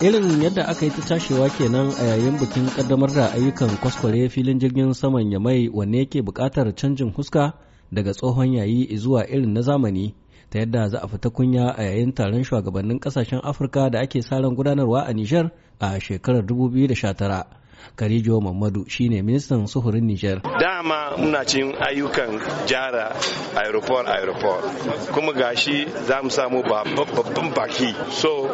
Irin yadda aka yi ta tashewa kenan a yayin bikin kaddamar da ayyukan kwaskware filin jirgin saman ya mai wanne yake buƙatar canjin huska daga tsohon yayi zuwa irin na zamani ta yadda za a fita kunya a yayin taron shugabannin kasashen Afirka da ake sa gudanarwa a Nijar a shekarar 2019. Karijo Mamadu shine ministan sufurin Nijar. Dama muna cin ayyukan jara aeroport aeroport kuma gashi za mu samu babban baki so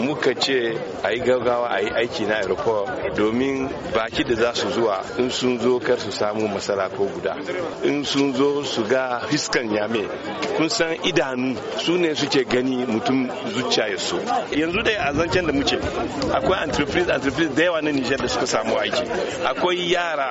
muka ce a yi gaggawa a yi aiki na aeroport domin baki da za su zuwa in sun zo kar su samu masala ko guda in sun zo su ga fiskan yame kun san idanu su ne suke gani mutum zuciya ya so yanzu dai a zancen da muke akwai entreprise entreprise da yawa na Nijar da suka samu aiki akwai yara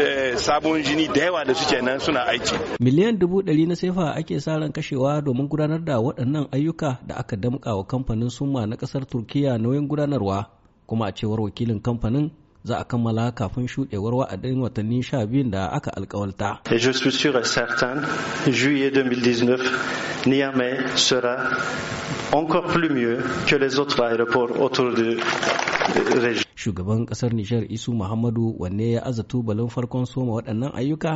eh, sabon jini da yawa da suke nan suna aiki miliyan dubu ɗari na sefa ake sa ran kashewa domin gudanar da waɗannan ayyuka da aka damƙa wa kamfanin suma na ƙasar turkiya nauyin gudanarwa kuma a cewar wakilin kamfanin za a kammala kafin shuɗewar wa'adin watanni sha biyun da aka alkawalta. Et je suis sûr et certain, juillet 2019, Niamey sera encore plus mieux que les autres aéroports autour euh, région. Shugaban ƙasar Nijar Isu Muhammadu wanne ya aza tubalin farkon soma waɗannan ayyuka?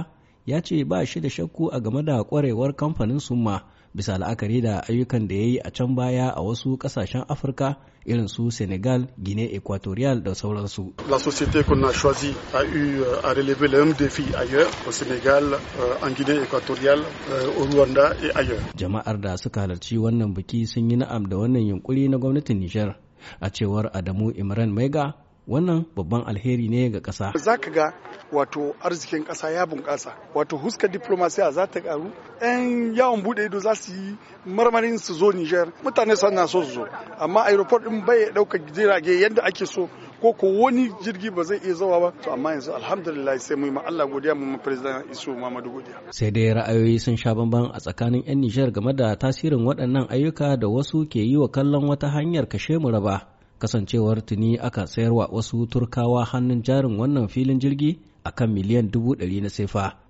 ya ce ba shi da shakku a game da kwarewar kamfanin summa bisa la'akari da ayyukan da ya yi a can baya a wasu kasashen afirka irin su senegal guinea equatorial da sauransu la société qu'on a choisi a eu à euh, relever le même défi ailleurs au senegal euh, en guinée equatorial euh, au rwanda et ailleurs jama'ar da suka halarci wannan biki sun yi na'am da wannan yunkuri na gwamnatin niger a cewar adamu imran maiga wannan babban alheri ne ga ƙasa za ka ga wato arzikin kasa ya bunƙasa wato huska diplomasiya za ta karu 'yan yawon bude ido za su yi marmarin su zo niger mutane na so su zo amma aeroport din bai ɗaukar jirage yadda ake so ko ko wani jirgi ba zai iya zawa ba to amma yanzu alhamdulillah sai mu yi ma Allah godiya mu president Isu Muhammadu godiya sai dai ra'ayoyi sun sha bamban a tsakanin yan Nijar game da tasirin waɗannan ayyuka da wasu ke yi wa kallon wata hanyar kashe mu raba kasancewar tuni aka sayarwa wasu turkawa hannun jarin wannan filin jirgi akan miliyan dubu ɗari na sefa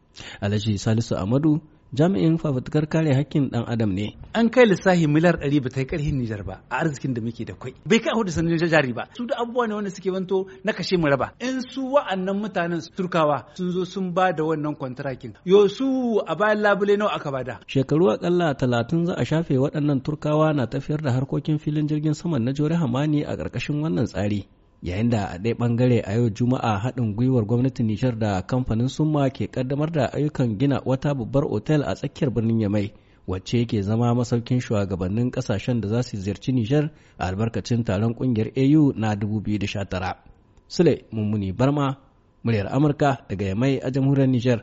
alhaji salisu amadu jami'in fafutukar kare hakkin dan adam ne an kai lissafi miliyar ɗari ba ta yi ƙarfin Nijar ba a arzikin da muke da kwai bai kai hudu sanin jari ba su da abubuwa ne wanda suke wanto na kashe mu raba in su wa'annan mutanen turkawa sun zo sun ba da wannan kwantarakin yo su a bayan labule nawa aka bada shekaru akalla talatin za a shafe waɗannan turkawa na tafiyar da harkokin filin jirgin saman na jore hamani a ƙarƙashin wannan tsari yayin da a ɗaya ɓangare a yau juma'a haɗin gwiwar gwamnatin nishar da kamfanin summa ke ƙaddamar da ayyukan gina wata babbar otel a tsakiyar birnin yamai wacce yake zama masaukin shugabannin ƙasashen da za su ziyarci nishar a albarkacin taron ƙungiyar au na 2019 sule mummuni barma muryar amurka daga yamai a jamhuriyar nijar